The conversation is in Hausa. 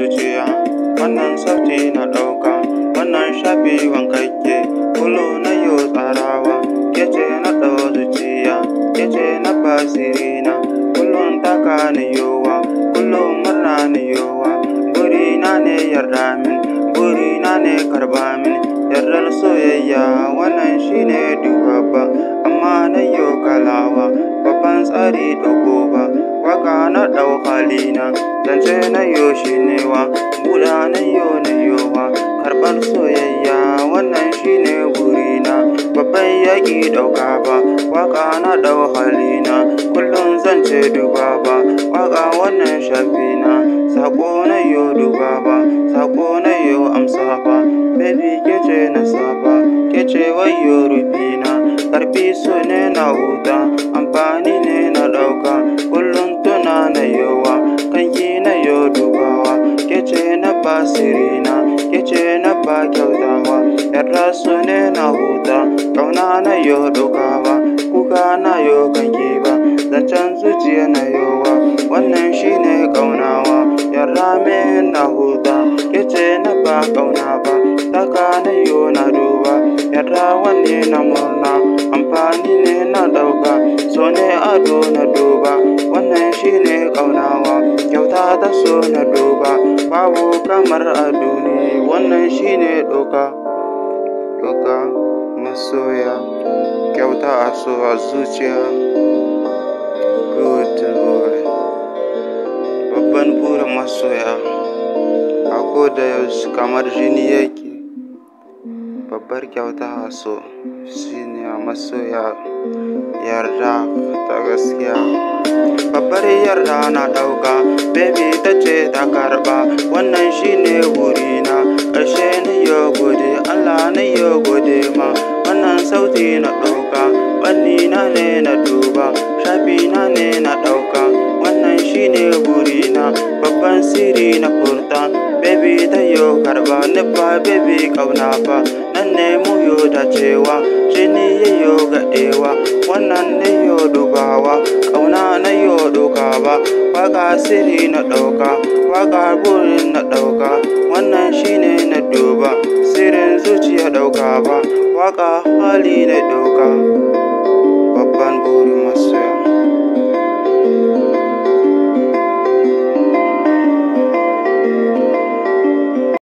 zuciya wannan sati na ɗauka wannan shafi wankakke kulo na yo tsarawa kece na ɗau zuciya kece na basirina kullum taka ni yowa kullum murna ni yowa na ne yarda min na ne karba min yardar soyayya wannan shine duka ba amma na yo kalawa babban tsari ɗauka raina zance na yo shi wa. buɗa na yo na yowa karɓar soyayya wannan shi ne na. babban yaki ɗauka ba waka na dau hali na. kullum zance duba ba waka wannan shafina sako na yo duba ba sako na yo amsa ba baby kece na saba kece wayo rufina karfi so ne na huta amfani basirina kice na ba kyautawa yarda su ne na huta ƙauna na yo ɗaukawa kuka na yo kanki ba zancen zuciya na yowa wannan shine ƙaunawa yarda min na huta kice na ba kauna ba taka na yo na duba yarda wani na murna amfani ne na ɗauka so ne ado na duba wannan shine ƙaunawa kyauta da so na duba kamar ado wannan shine doka doka masoya kyauta a so a zuciya good boy babban burin masoya a koda yaushe kamar jini yake babbar kyauta a so shine a masoya yarda ta gaskiya babbar yarda na dauka baby ta ce ta gode ma wannan sauti na ɗauka fanni na ne na duba shafi na ne na ɗauka wannan shine burina babban siri na furta baby tayo karba nufa baby kauna fa nan ne muyo dacewa shi ne yayo gaɗewa wannan ne yo dubawa kauna na yo dukawa waka siri na ɗauka waka burin na ɗauka wannan shine na duba sirin zuciya ɗauka ba waka hali na ɗauka